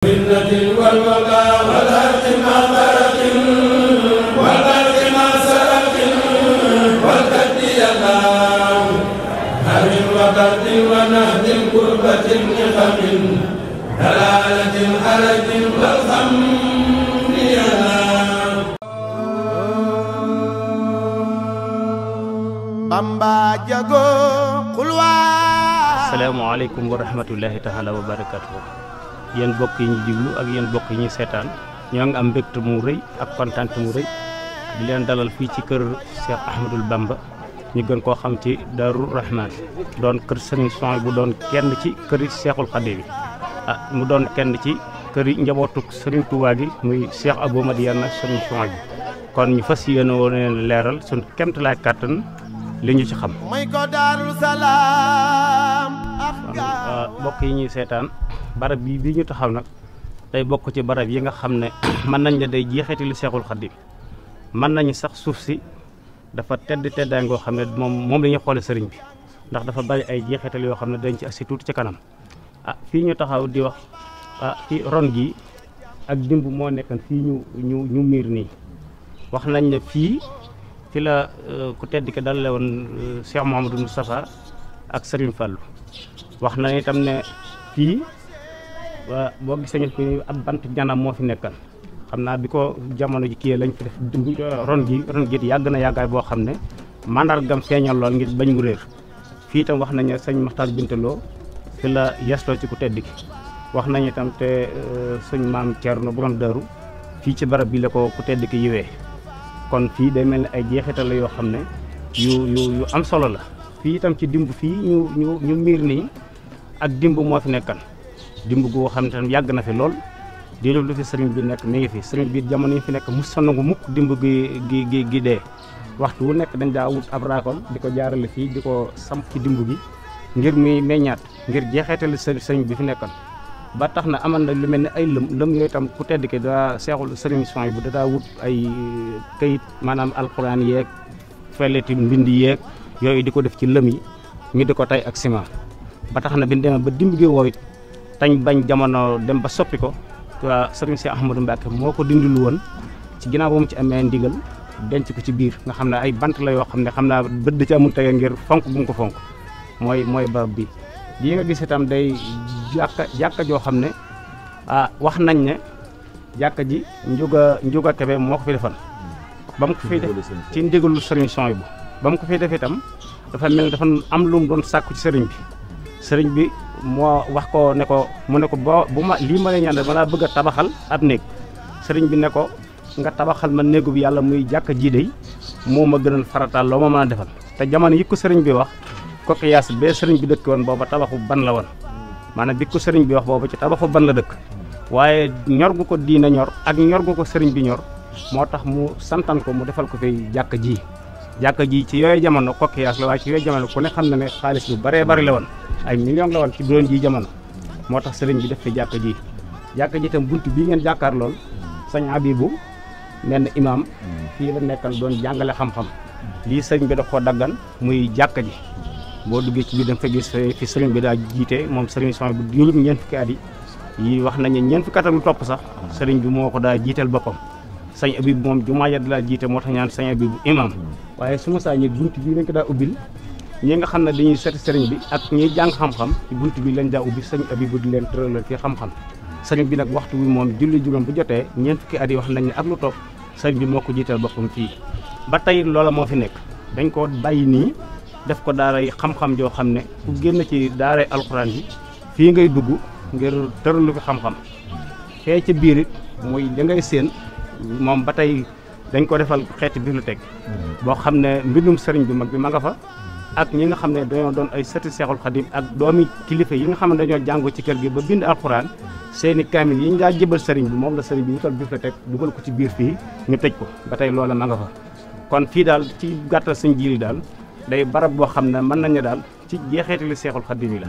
asalaamaaleykum wa rahmatullahi taala wa barakatuhu yéen bokk yi ñu diglu ak yéen bokk yi ñuy seetaan ñoo ngi am mbégte mu rëy ak kontaante mu rëy di leen dalal fii ci kër Cheikh Ahmadul Bamba ñu gën koo xam ci Daaru Rahman doon kër Serigne Son bu doon kenn ci këri Cheikhul Khadim ah mu doon kenn ci kër këri njabootu Serigne Touba gi muy Cheikh Abou Madiyana ak Serigne Son bi kon ñu fas yéene woon leen leeral suñ kemt kàttan li ñu ci xam. Ah, mbokk yi ñuy seetaan. barab bii bii ñu taxaw nag day bokk ci barab yi nga xam ne mën nañ la day jeexiti lu Seexul Xaddim mën nañu sax suuf si dafa tedd teddaay ngoo xam ne moom moom la ñuy xoole sëriñ bi ndax dafa bari ay jeexital yoo xam ne dañ ci agsi tuuti ci kanam ah fii ñu taxaw di wax ah fii ron gi ak dimb moo nekkan fii ñu ñu ñu miir nii wax nañ ne fii fi la euh, ku tedd ki la woon euh, Cheikh Mouhamadou Moustapha ak Serigne fàllu wax na itam ne fii waa boo gisee ngeen ko ab bant janam moo fi nekkan xam naa bi ko jamono ji kii lañ fi def ron gi ron gi yàgg na yàggaay boo xam ne mandargam feeñal lool ngir bañ mu réer fii tam wax nañu sëñ Maxtaar Bintaloo fi la yesloo ci ku tedd ki wax nañu itam te euh, suñ maam bu borom Daaru fii ci barab bi la ko ku tedd ki yiwee kon fii day mel ni ay jeexital la yoo xam ne yu yu yu am solo la fii itam ci dimb fii ñu ñu ñu miir nii ak dimb moo fi nekkan dimb goo xam ne tam yàgg na fi lool di lu fi sëriñ bi nekk mi ngi fi sëriñ bi jamono yi fi nekk mu sa nangu mukk dimb gi gi gi gi dee waxtu wu nekk dañ daa wut ab raakol di ko jaarale fii di ko samp ci dimb gi ngir muy meññaat ngir jeexeetali sëriñ bi fi nekkoon ba tax na aman na lu mel ne ay lëm lëm yooyu tam ku tedd ki daa seexul sëriñ yi bu daa wut ay kayit maanaam alxuraan yeeg felleti mbind yeeg yooyu di ko def ci lëm yi ñu di ko tey ak ciment ba tax na bi ñu dimb gi tañ bañ jamono dem ba soppi ko sëriñ si Ahmadou Mbacke moo ko dindil woon ci ginnaaw ba ci amee ndigal denc ko ci biir nga xam ne ay bant la yoo xam ne xam naa bët da ci amul tege ngir fonk bu mu ko fonk mooy mooy barab bi lii nga gis itam day jàkka jàkka joo xam ne ah wax nañ ne jàkka ji njuga njuga kebe moo ko fi defal ba mu ko fiy def ci ndigalu sëriñ son bu ba mu ko fiy def itam dafa mel ne dafa am lu mu doon sàkku ci sëriñ bi sëriñ bi moo wax ko ne ko mu ne ko boo bu ma lii ma lay ñaan ma laa bëgg a tabaxal ab néeg sëriñ bi ne ko nga tabaxal ma néegu bi yàlla muy jàkk jii dey moo ma gënal farataal loo ma mën a defal te jamono yi ko sëriñ bi wax ko qiyaas bee sëriñ bi dëkk woon booba tabaxu ban la woon maanaam bi ko sëriñ bi wax booba ci tabaxu ban la dëkk waaye ñorgu ko diina ñor ak ñor ko sëriñ bi ñor moo tax mu santan ko mu defal ko fi jàkk ji jàkka ji ci yooyu jamono kokkiyaas la waaye ci yooyu jamono ku ne xam na ne xaalis lu baree bari la woon ay million la woon ci doon ji jamono moo tax sëriñ bi def fi jàkka ji jàkka ji itam bunt bii ngeen jàkkaar lool sëñ Abibu nenn imaam fii la nekkan doon jàngale xam-xam lii sëriñ bi da koo daggan muy jàkka ji boo duggee ci biir da nga fa gis fi sëriñ bi daa jiite moom sëriñ son bu diirum ñeent fukki at yi yi wax nañu ñeent fukki at ak lu topp sax sëriñ bi moo ko daa jiital boppam sañ abib moom jumaa ya laa jiite moo tax ñaan sañ abib imam waaye su ma saa ñi bunt bii lañ ko daa ubbil ñi nga xam ne dañuy seeti sëriñ bi ak ñiy jàng xam-xam ci bunt bi lañ daa ubbi sañ abib di leen tëralal fi xam-xam sëriñ bi nag waxtu bi moom julli juróom bu jotee ñeent fukki at yi wax nañ ne ak lu topp sañ bi moo ko jiital boppam fii ba tey loola moo fi nekk dañ koo bàyyi nii def ko daara yi xam-xam joo xam ne ku génn ci daara alxuraan yi fii ngay dugg ngir tëralu fi xam-xam fee ca biir da ngay moom ba tey dañ ko defal xeeti bibliothèque boo xam ne mbindum sëriñ bi mag bi ma nga fa ak ñi nga xam ne dañoo doon ay sëti seexul xadim ak doomi kilifa yi nga xam ne dañoo jàngoo ci kër gi ba bind alxuraan seeni kaamil yi ñu daa jëbal sëriñ bi moom la sëriñ bi wutal bibliothèque dugal ko ci biir fii ñu tëj ko ba tey loola ma nga fa kon fii daal ci gàttal sañ jiili daal day barab boo xam ne mën nañu daal ci jeexeetali seexul xadim yi la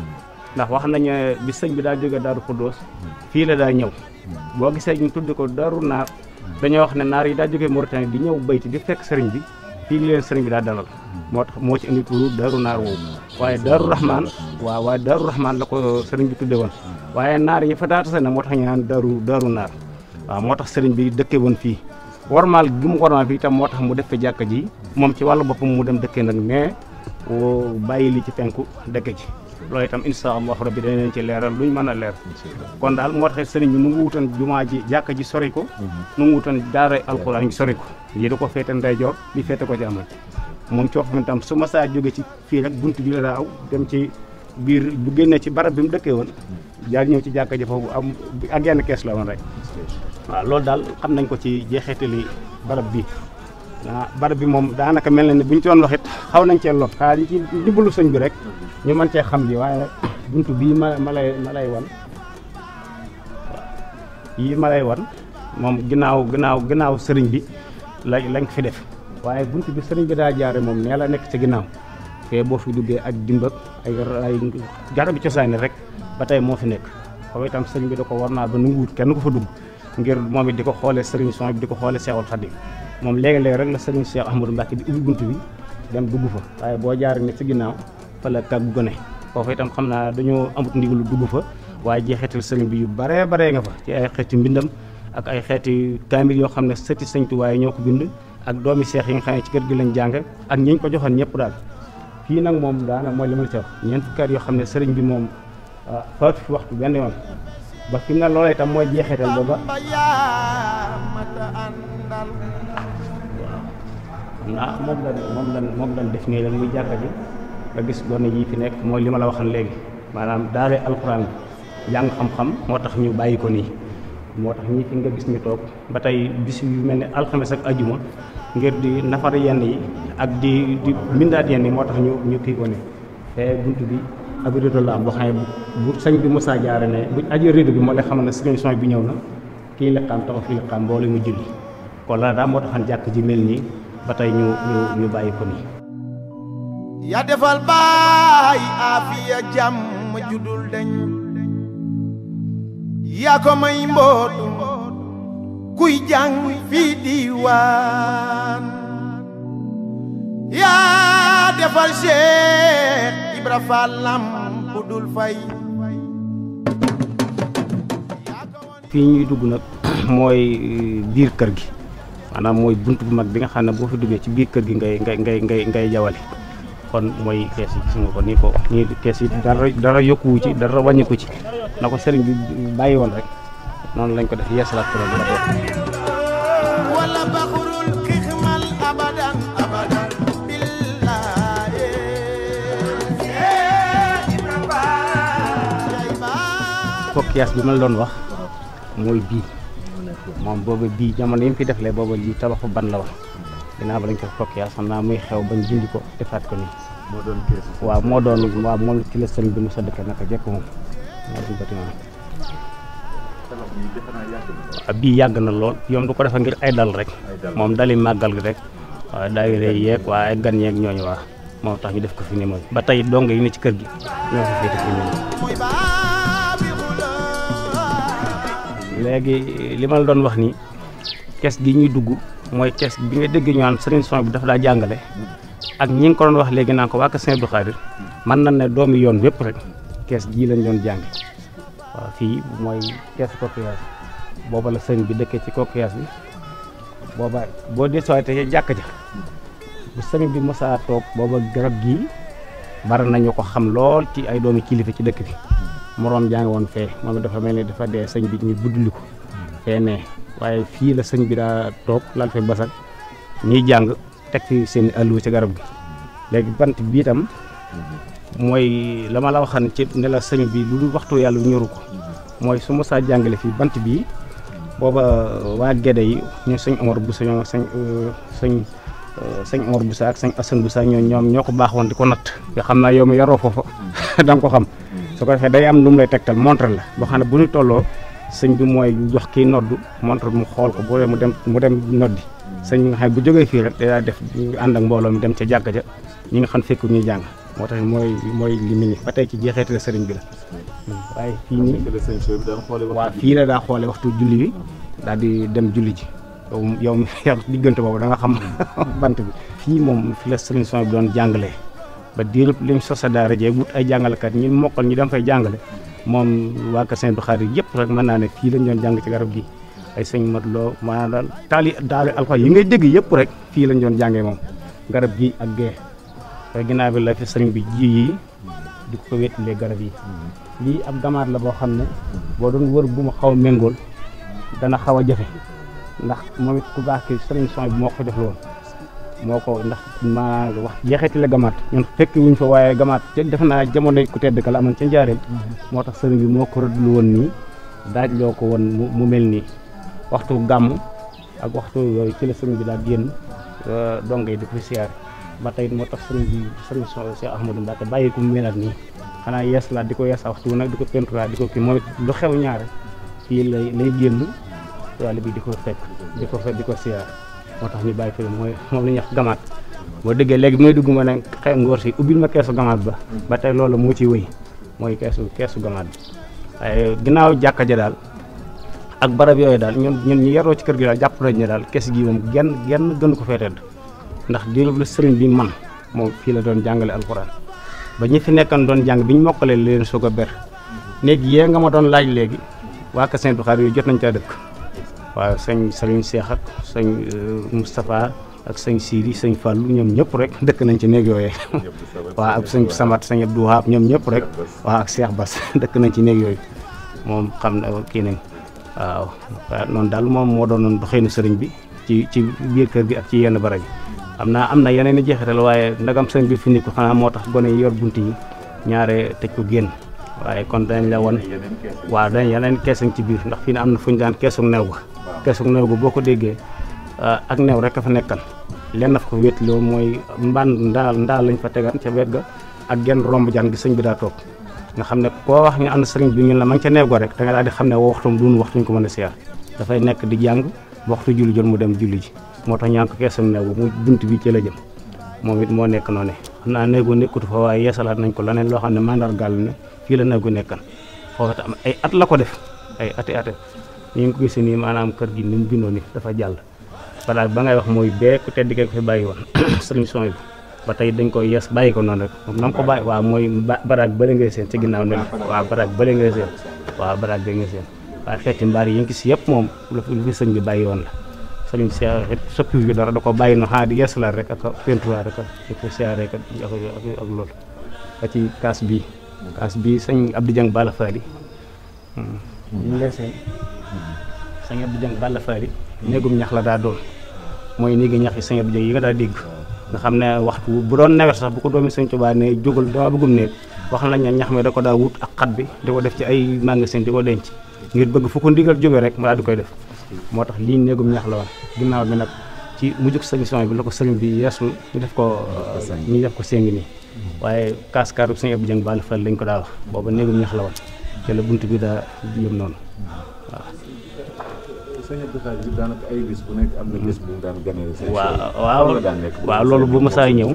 ndax wax nañu bi sëñ bi daa jógee daaru xuddoos fii la daa ñëw dañoo wax ne naar yi daa jógee Mauritanie di ñëw bayti di fekk sëriñ bi fii leen sëriñ bi daa dalal moo tax moo ci indi turu daaru naar woowu waaye daaru rahman waaw waaye daaru rahman la ko sëriñ bi tuddee woon waaye naar yi fa daa tase na moo tax ñu naan daaru daaru naar waaw moo tax sëriñ bi dëkkee woon fii war maal gi mu warmaal fii tam moo tax mu def fi jàkka ji moom ci wàllu boppam mu dem dëkkee nag mais bàyyi lii ci penku dëkke ci loolu itam insha allahu rabbi dañ leen ci leeral ñu mën a leer kon daal moo taxit sëriñ bi nu ngi wutan jumaa ji jàkka ji sori ko nu mhm. ngi wutan daara alxuraan ji sori ko yi da ko féete ndeyjoor di féete ko càmmoñ moom coo xam ne tam su ma saa jógee ci fii rek buntu bi la daa aw dem ci biir bu génnee ci barab bi mu dëkkee woon jaar ñëw ci jàkka ji foofu am ak yenn kees la woon rek waaw loolu daal xam nañ ko ci jeexeetali barab bi ah barab bi moom daanaka mel na ne bu ñu ci doon xaw nañ cee lot xaa dañ ci dimbalu sëñ bi rek ñu man cee xam bi waaye buntu bii ma ma lay ma lay wan yii ma lay wan moom ginnaaw ginnaaw ginnaaw sëriñ bi la lañ fi def waaye buntu bi sëriñ bi daa jaar moom nee la nekk ci ginnaaw boo fi duggee ak dimbak ay ay garabi cosaani rek ba tey moo fi nekk xaw itam sëriñ bi da ko war naa ba nanguwut kenn ko fa dugg ngir moom it di ko xoolee sëriñ son bi di ko xoolee seexul xadim moom léegi-léegi rek la sëriñ Cheikh Ahmadou Mbacke di ubbi bunt bi dem dugg fa waaye boo jaaree ne ci ginnaaw fa la kàggu gone foofu tam xam naa dañoo amut ndigalu dugg fa waaye jeexital sëriñ bi yu baree baree nga fa ci ay xeeti mbindam ak ay xeeti kaamil yoo xam ne sëti sëñ ñoo ko bind ak doomi seex yi nga xam ne ci kër gi lañ jàng ak ñiñ ko joxoon ñëpp daal fii nag moom daana mooy li ma la ci wax yoo xam ne sëriñ bi moom ah, faatu fi waxtu benn yoon ba fi mu ne loola itam mooy jeexital booba ah moom lan moom lan moom def nii la muy jàkka ji nga gis gone yi fi nekk mooy li ma la waxan léegi maanaam daare alxuraan bi jàng xam-xam moo tax ñu bàyyi ko nii moo tax ñi nga gis ñu toog ba tey bis yu mel ne alxames ak ajuma ngir di nafar yenn yi ak di di mbindaat yenn yi moo tax ñu ñu kii ko ne te bunt bi ab rido la bu xam ne bu sañ bi mosaa jaare ne buñ aji rido bi moo lay xam ne solution bi ñëw na kii liqaam taxaw fi liqaam mbooloo mu julli kon la daal moo taxan jàkk ji mel nii ba tey ñu ñu ñu bàyyi ko nii ya defal baay aafiya jàmm judul deñ yaa ko may mbootu kuy jàng fii diiwaan yaa defal Cheikh Ibra Fall lam dul fay fii ñuy dugg nag mooy euh, biir kër gi maanaam mooy bunt bu mag bi nga xam ne boo fi duggee ci biir kër gi ngay ngay ngay ngay ngay jawale kon mooy kees yi gis nga ko nii ko nii kees yi dara dara yokkuwu ci dara wàññi ci na ko sëriñ bi bàyyi woon rek noonu lañ ko def yeesalaat ko ko kiyaas bi ma la doon wax mooy bii moom boobu bii jamono yi mu fi defalee booba lii tabaxu ban la wax ginnaaw ba lañ ko fokk yaa xam naa muy xew bañ dindi ko defaat ko nii waaw moo doon waaw moom ci la sëñ bi mu sa dëkk naka jekk moom moo waaw ah, bii yàgg na lool yoom du ko defa ngir ay dal rek moom dali gi rek waaw daayira yeeg ay gan yeeg ñooñu waa moo tax ñu def ko fi nii moom ba tey dong yi ne ci kër gi ñoo fi féete fi nii léegi li man doon wax ni kees gi ñuy dugg mooy kes bi nga dégg ñu naan sëriñ son bi dafa daa jàngale ak ñi nga ko doon wax léegi naan ko waa kër Sëriñ Abdou Khadir mën ne doomi yoon wépp rek kees jii lañ doon jàng fii mooy kees coquillage booba la sëriñ bi dëkkee ci coquillage bi booba boo soo desuwaatee jàkk ja bu sëriñ bi mosaa toog booba garab gii bari nañu ko xam lool ci ay doomi kilifa ci dëkk bi moroom jàng woon fee moom dafa mel ni dafa dee sëñ bi ñu buddali ko fee ne waaye fii la sëñ bi daa toog lal fi basak ñuy jàng teg fi seen alluwa ci garab gi léegi bant bii tam mooy la la waxan sëñ bi lu waxtu yàlla ñoru ko mooy su ma saa jàngale fii bant bii booba waa Gédé yi ñu sëñ Omar bu sa ñoom sëñ euh, sëñ euh, sëñ Omar bu sa ak sëñ bu sa ñoom ñoo ko baax woon di ko natt nga xam naa yow mi yaroo foofa da ko xam su ko defee day am lu mu lay tegtal montre la boo xam ne bu ñu tolloo sëñ bi mooy jox kii nodd montre mu xool ko mu dem mu dem noddi sëñ bi nga xam ne bu jógee fii rek day daal def ànd ak mbooloo mi dem ca jàkka ja ñi nga xam fekku ñuy jàng moo tax mooy mooy li mu tey ci jeexeetale sëriñ bi la waaye fii nii waaw fii la daa xoole waxtu julli bi daal di dem julli ji yow yow diggante boobu da nga xam bant bi fii moom fi la sëriñ son bi doon jàngalee ba diirub lim sosa daara jee wut ay jàngalekat ñi mokkal ñi dem fay jàngale moom waa kër Sëñ Abdou Khadre yëpp rek mën naa ne fii lañ doon jàng ci garab gi ay sëñ mat loo maanaam taali daal alxuraan yi ngay dégg yëpp rek fii lañ doon jàngee moom garab gi ak gee te ginnaaw bi la fi sëñ bi ji yi di ko wéttalee garab yi lii ab gamaat la boo xam ne boo doon wër bu ma xaw a méngool dana xaw a jafe ndax moom it ku baax ki sëriñ son bi moo ko jox loon moo ko ndax ma wax jeexeti la gamaat ñun fekk wuñ fa waaye gamaat defe naa jamono ku tedd ka la amoon ca njaareem mm-hmm. moo tax sëriñ bi moo ko rëddul woon nii daaj loo ko woon mu mel nii waxtu gàmm ak waxtu yooyu ci la sëriñ bi daal génn dong di ko siyaar ba tey moo tax sëriñ bi sëriñ Cheikh Ahmadou Mbacke bàyyi ko mu melaat nii xanaa yees laa di ko yees waxtu wu nag di ko penturaat di ko kii moom it lu xew ñaar fii lay lay génn wàll bi di ko fekk di ko di ko siyaar moo tax ñu bàyyi fii mooy moom la ñuy wax gamaat boo déggee léegi bi may ma ne xëy ngóor si ubbil ma keesu gamaat ba ba tey loolu moo ciy wëy mooy keesu keesu gamaat bi waaye ginnaaw jàkka ja daal ak barab yooyu daal ñun ñun ñu yaroo ci kër gi daal jàpp nañ ne daal kees gi moom genn genn gënu ko fee tedd ndax diirub la sëriñ bi man moom fii la doon jàngale alxuraan ba ñu fi nekkan doon jàng bi ñu mokkalee leen soog a ber néeg yee nga ma doon laaj léegi waa Kër Saint-Bukhari yooyu jot nañ caa dëkk waaw sëñ Sëriñ Seex ak sëñ euh, Moustapha ak sëñ Siri sëñ Fallou ñoom ñëpp rek dëkk nañ ci néeg yooyee waaw ak sëñ Samat sëñ Abdou Wahab ñoom ñëpp rek waaw ak Seex Bas dëkk nañ ci néeg yooyu moom xam na kii nañ waaw noonu daal moom moo doon doonoon doxeenu sëriñ bi ci ci biir kër gi ak ci yenn barab yi xam naa am na yeneen i jeexital waaye ndagam sëriñ bi fi ni xanaa moo tax gone yor bunt yi ñaare tëj ko génn waaye kon danañ la won waaw danañ yeneen keesan ci biir ndax fii na fu ñu daan keesu neew ba keesug néew bi boo ko déggee ah, ak néew rek a fa nekkan lenn fa ko wéetloo mooy mbaan ndaal ndaal lañ fa tegan ca wet ga ak genn romb jaan gi sëñ bi daa toog nga xam ne koo wax ñu ànd sëriñ bi ñu la ma ca néew go rek da nga daal di xam ne waxtum duun waxtuñ ko mën a seer dafay nekk di jàng waxtu julli jot mu dem julli ji moo tax ñaan ko keesug néew bi mu bunt bi ci la jëm moom it moo nekk noonu xam naa néegu nekkutu fa waaye yeesalaat nañ ko leneen loo xam ne mandargaal ne fii la néegu nekkan foofu tam ay at la ko def ay ati ñu ngi ko maanaam kër gi ni mu bindoo ni dafa jàll balaa ba ngay wax mooy bee ku tedd kee ko fi bàyyi woon sëriñ son bi ba tey dañ ko yes bàyyi ko noonu rek moom na mu ko bàyyi waaw mooy baraag bële ngay seen ci ginnaaw ne waaw baraag bële ngay seen waaw baraag bële ngay seen waaw xeeti mbaar yi ngi si yëpp moom lu fi sëñ bi bàyyi woon la sëñ bi siyaare soppiwu bi dara da ko bàyyi no xanaa di yes la rek ak pentuwaar rek ak siyaare ak ak loolu ba ci kaas bii kaas bii sëñ Abdou Dieng Bala Fadi sëñ Abdou Dieng Balla Fally néegum ñax la daa doon mooy néegi ñax yi sëñ Abdou Dieng yi nga daa dégg xam ne waxtu bu doon nawet sax bu ko doomi sëñ Tuubaa ne jógal dama bëggum néeg wax nañ ne ñax mi da ko daa wut ak bi di ko def ci ay magasin di ko denc ngir bëgg fu ko ndigal rek mu di koy def moo tax lii néegum ñax la woon ginnaaw bi nag ci mujjug sëñ bi la ko sëñ bi yeesu def ko ñu def ko séngi nii waaye kaaskaaru sëñ Abdou Dieng Balla Fally lañ ko daa wax booba ñax la woon te la bunt bi daa jëm noonu sëñ Abdou Khadre bi daanaka ay bés bu waaw waaw loolu bu ma saa ñëw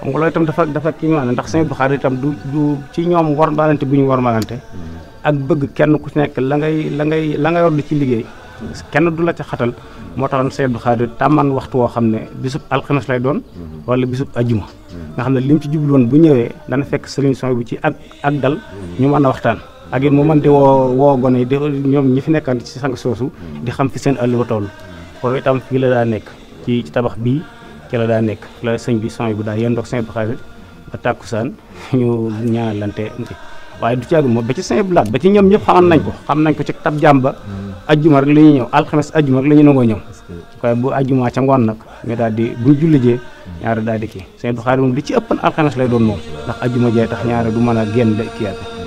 xam nga loolu itam dafa dafa kii maanaam ndax sëñ Abdou Khadre itam du du ci ñoom war maalante bu ñu war maalante hmm. ak bëgg kenn ku ci nekk la ngay la ngay la nga yor di ci liggéey hmm. kenn du la ca xatal moo tax taxoon sëñ Abdou Khadre tàmman waxtu woo xam ne bisub alxames lay doon hmm. wala bisub ajuma nga xam ne li mu ci jublu woon bu ñëwee dana fekk solution bi ci ak ak dal ñu mën a waxtaan ak it mu di woo woo gone di ñoom ñi fi nekkaan si sànq soosu hmm. di xam fi seen àlluwa toll foofu itam fii la daa nekk ci ci tabax bii ci la daa nekk la sëñ bi son bu daa yendoog sëñ bi xaalis ba tàkkusaan ñu ñaanalante waaye du ci àgg moom ba ci sëñ bi laat ba nañ ko hmm. xam nañ ko ci tab jàmba hmm. ajjuma rek la ñuy ñëw alxames ajjuma rek la ñu nangoo ñëw waaye bu ajjuma ca ngoon nag ñu daal di buñ jullijee ñaare daal di ki sëñ bi xaalis moom li ci ëppan alxames lay doon moom ndax ajjuma jee tax ñaare du mën a génn kiyaate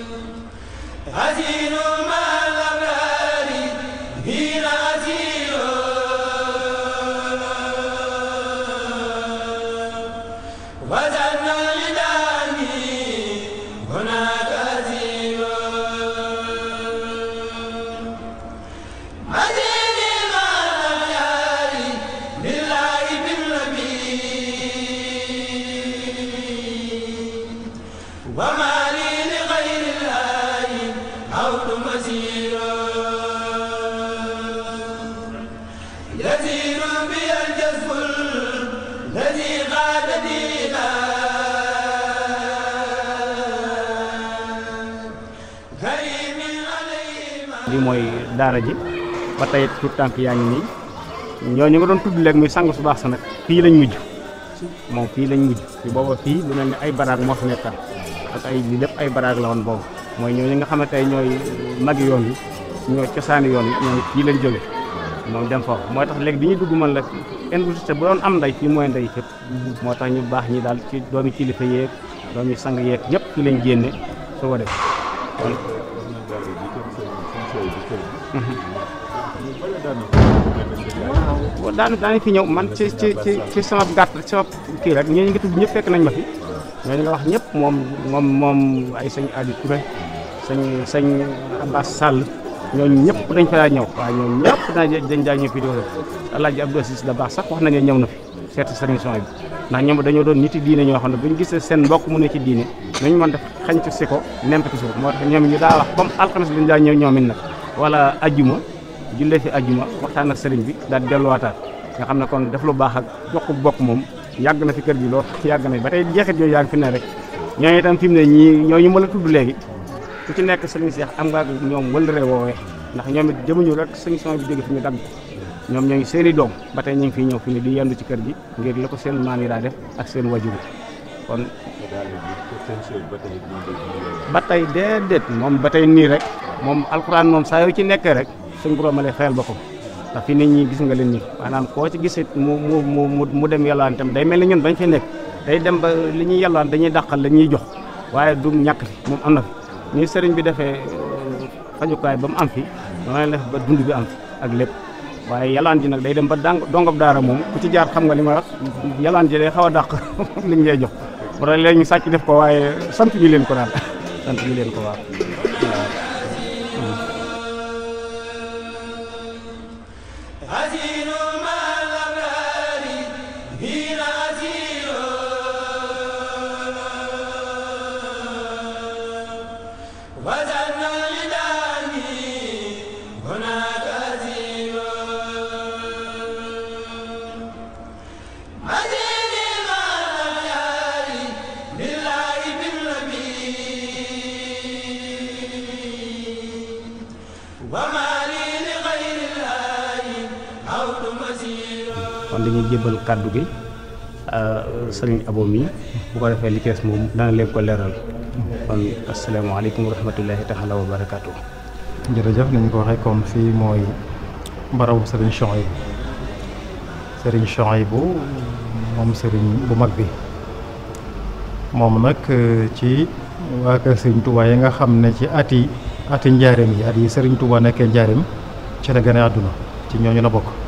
lii mooy daara ji ba tey tout tànk yaa ngi nii ñooñu nga doon tudd léegi muy sang su baax sa nag pii lañ mujj moom fii lañ mujj ci booba fii lu mel ne ay baraag moo fi nekkaan ak ay lii lépp ay baraag la woon boobu mooy ñooñu nga xam ne tey ñooy magi yoon yi ñooy cosaani yoon yi ñoom fii lañ jóge moom dem foofu moo tax léegi bi ñu dugg man la industrie bu doon am ndey fii mooy ndey fépp moo tax ñu baax ñi daal ci doomi kilifa yeeg doomi sang yeeg ñëpp fi lañ génne su daanu daanu fi ñëw man ci ci ci ci sama gàtt rek sama kii rek ñooñu nga tudd nañ ma fi ñooñu wax ñëpp moom moom moom ay sëñ Aliou Touré sëñ sëñ Abbas Sall ñëpp dañ fa daa ñëw waaw ñooñu ñëpp dañ daa ñëw fii di ko def Alaaji Abdou Aziz da baax sax wax nañu ñëw na fi seet sëriñ son bi ndax ñoom dañoo doon niti diine ñoo xam ne bu ñu gisee seen mbokk mu ne ci diine nañu mën def xañtu si ko nempati si ko moo tax ñoom daa wax comme alxames dañ daa ñëw ñoom nag wala ajjuma jullee fi ajjuma waxtaan ak sëriñ bi daal di delluwaataat nga xam ne kon def lu baax ak jox ko bokk moom yàgg na fi kër gi lool yàgg na ba tey jeexit yooyu yaa ngi fi ne rek ñooñu itam fi ñii ñooñu ma la léegi ku ci nekk sëriñ Seex am nga ak ñoom wëllëre woowee ndax ñoom it jëmuñu rek sëriñ bi jóge fi ñu dagg ñoom ñooñu seen i doom ba tey ñu ngi fiy ñëw fi ne di yendu ci kër gi ngir la ko seen maam yi daa def ak seen wajur kon ba tey déedéet moom ba nii rek moom alxuraan moom saa yoo ci nekkee rek suñu borom a lay fayal boppam ndax fi nit ñi gis nga leen nii maanaam koo ci gisit mu mu mu mu dem yalwaan itam day mel ni ñun bañ fi nekk day dem ba li ñuy yalwaan dañuy dàqal la ñuy jox waaye du ñàkk fi moom am na sëriñ bi defee euh, fajukaay ba mu am fi noonu la def ba dund bi ak lépp waaye yalaan ji nag day dem ba dongob daara moom ku jaar xam nga li ma wax yalaan xaw a dàq li ñu jox wala léegi ñu sàcc def ko waaye sant ñu leen ko daal sant ñu leen ko waaw ñu kàddu gi euh, sëriñ abo mi bu ko defee li ci des moom dana leen ko leeral kon asalaamaaleykum wa rahmatullahi taala wa barakaatu. jërëjëf nañu ko waxee comme fii mooy barabu sëriñ Chouaïb sëriñ Chouaïb bu moom sëriñ bu mag bi moom nag euh, ci waa kër sëriñ Touba yi nga xam ne ci ati ati njaareem yi at yi sëriñ Touba nekkee njaareem ci la gën a àdduna ci ñooñu la bokk.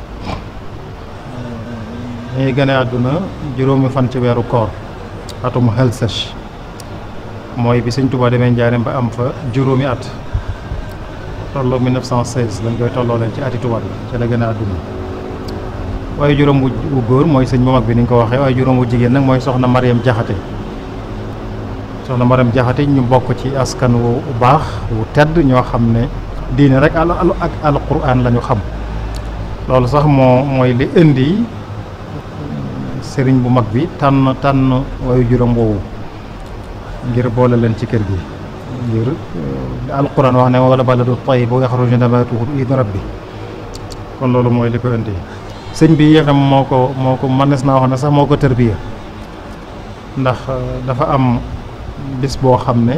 mi ngi gane àdduna juróomi fan ci weeru koor atum xel sëch mooy bi sëñ Tuubaa demee Njaaréem ba am fa juróomi at tolloo 1916 lañ koy tolloo leen ci ati tubaab yi ca la gane àdduna waaye juróom wu góor mooy sëñ bu mag bi ni nga ko waxee waaye juróom wu jigéen nag mooy soxna Mariam Jaxate soxna Mariam Jaxate ñu bokk ci askan wu baax wu tedd ñoo xam ne diine rek al ak alquran la lañu xam loolu sax moo mooy li indi sëriñ bu mag bi tànn tànn wayu juróom woowu ngir boole leen ci kër gi ngir eh, alquran wax ne wala baladu tayyib bu yaxruju nabatuhu bi kon loolu mooy li ko sëñ bi itam moo ko moo ko mënees naa wax ne sax moo ko tërbiya ndax eh, dafa am bis boo xam ne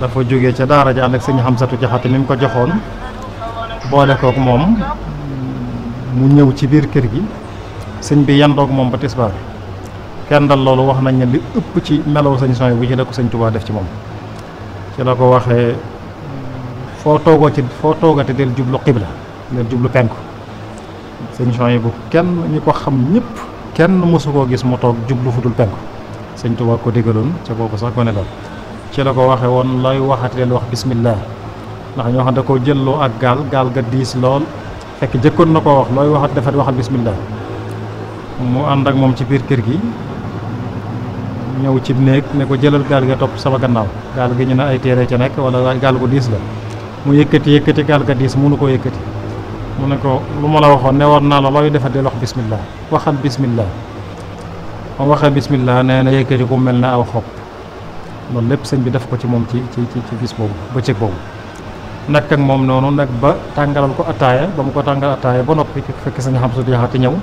dafa jóge ca daara ja ànd ak sëñ satu Jaxate mi mu ko joxoon boole kook moom mu ñëw ci biir kër gi sëñ bi yandoog moom ba kenn kendal loolu wax nañ ne li ëpp ci melaw sëñ son bu ci la ko sëñ Tuubaa def ci moom ci la ko waxee foo toogoo ci foo toogate del jublu xibla del jublu penku sëñ son bu kenn ñi ko xam ñëpp kenn mosu koo gis mu toog jublu fu dul penku sëñ Tuubaa ko digaloon ca boobu sax ko ne daal ci la ko waxe woon lay waxati del wax bismillah ndax ñoo xam da koo jëlloo ak gaal gaal ga diis lool fekk jëkkoon na koo wax looy waxat defat waxal mu ànd ak moom ci biir kër gi ñëw ci néeg ne ko jëlal gaal ga topp sama gannaaw gaal gi ñu ne ay téere ca nekk wala gaal ko diis la mu yëkkati yëkkati gaal ga diis mënu koo yëkkati mu ne ko lu ma la waxoon ne war naa la looy defal del wax bismillah waxal bismillah ma waxee bismillah nee na yëkkati ku mel na aw xob loolu lépp sëñ bi def ko ci moom ci ci ci bis boobu bëccëg boobu nag ak moom noonu nag ba tàngalal ko attaaya ba mu ko tàngal attaaya ba noppi fekk sëñ xam su jaxati ñëw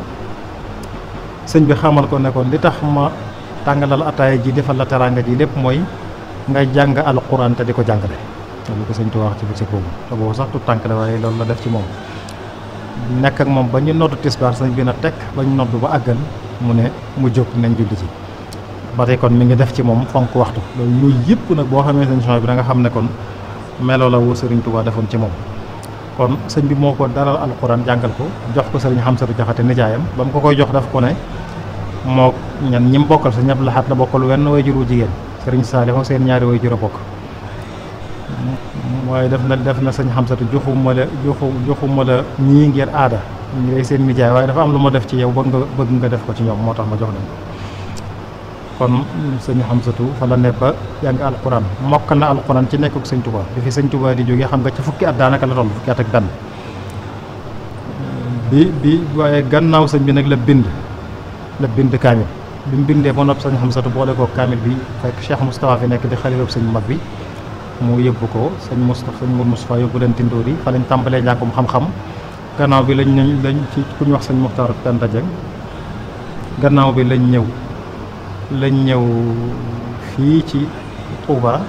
sëñ bi xamal ko ne ko li tax ma tàngalal ataaya ji defal la teraanga ji lépp mooy nga jàng alxuraan te di ko jàngale loolu ko sëñ Tuubaa wax ci bëccëg boobu te boobu sax tànk la waaye loolu la def ci moom nekk moom ba ñu noddu tisbaar sëñ bi na teg ba ñu noddu ba àggal mu ne mu jóg nañ julli si ba tey kon mi ngi def ci moom fonk waxtu loolu yooyu yëpp nag boo xamee sëñ bi da nga xam ne kon meloo la wu sëriñ Tuubaa defoon ci moom kon sëñ bi moo ko daral alxuraan jàngal ko jox ko sëriñ Xamsatu Jaxate nijaayam ba mu ko koy jox daf ko ne moo ñan ñi mu bokkal sa la xat la bokkal wenn way jur wu jigéen sëriñ Saalihu seen ñaari way jur a bokk waaye def na def na sëñ Xamsatu joxuma la joxu joxuma la ñii ngeen aada ñu lay seen nijaay waaye dafa am lu ma def ci yow bëgg nga bëgg nga def ko ci ñoom moo tax ma jox leen kon sëñ Xamsatu fa la ne ba jàng alquran mokk na alquran ci nekkuk sëñ Tuubaa bi fi sëñ Tuubaa di jógee xam nga ci fukki at daanaka la toll fukki at ak benn bi bi waaye gannaaw sëñ bi nag la bind la bind kaamil bi mu bindee ba nopp sëñ Xamsatu boole koo kaamil bi fekk Cheikh Moustapha fi nekk di xalilab sëñ mag bi mu yóbbu ko sëñ Moustapha sëñ Mour Moustapha yóbbu leen tindóor yi fa lañ tàmbalee ñàkkum xam-xam gannaaw bi lañ lañ ci ku ñu wax sëñ Muxtaar Penda Jeng bi lañ ñëw lañ ñëw fii ci Touba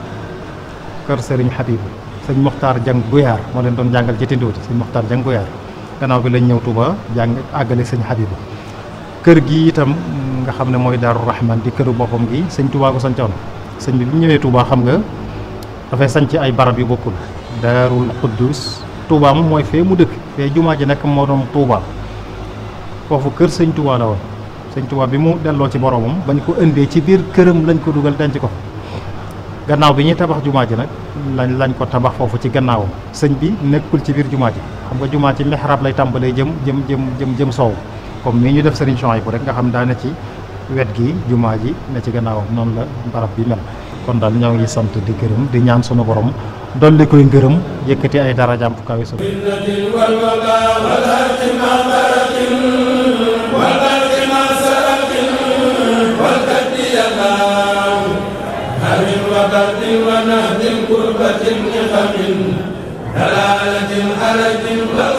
kër Serigne Habibou sëñ Mokhtar Dieng Guyaar moo leen doon jàngal ci Tindóoti sëñ Mokhtar Dieng Guyaar gannaaw bi lañ ñëw Touba jàng àggale sëñ Habibou kër gi itam nga xam ne mooy Daaru Rahman di këru boppam gi sëñ Touba ko sancoon sëñ bi bu ñëwee Touba xam nga dafay sañ ci ay barab yu bokkul Daarul Quddus Touba moom mooy fee mu dëkk fee jumaa ji nekk moo doon Touba foofu kër sëñ Touba la woon sëñ Tuubaa bi mu delloo ci boroomam bañ ko indee ci biir këram lañ ko dugal denc ko gannaaw bi ñuy tabax jumaa ji nag lañ ko tabax foofu ci gannaawam sëñ bi nekkul ci biir jumaa ji xam nga jumaa ci mexrab lay tàmbalee jëm jëm jëm jëm jëm soow comme nii ñu def sëriñ Chouaïbou rek nga xam daa ne ci wet gi jumaa ji ne ci gannaawam noonu la barab bi mel kon daal ñoo ngi sant di gërëm di ñaan sunu borom dolli koy ngërëm yëkkati ay darajaam fu kawe sunu مستقيم دلالة على الجملة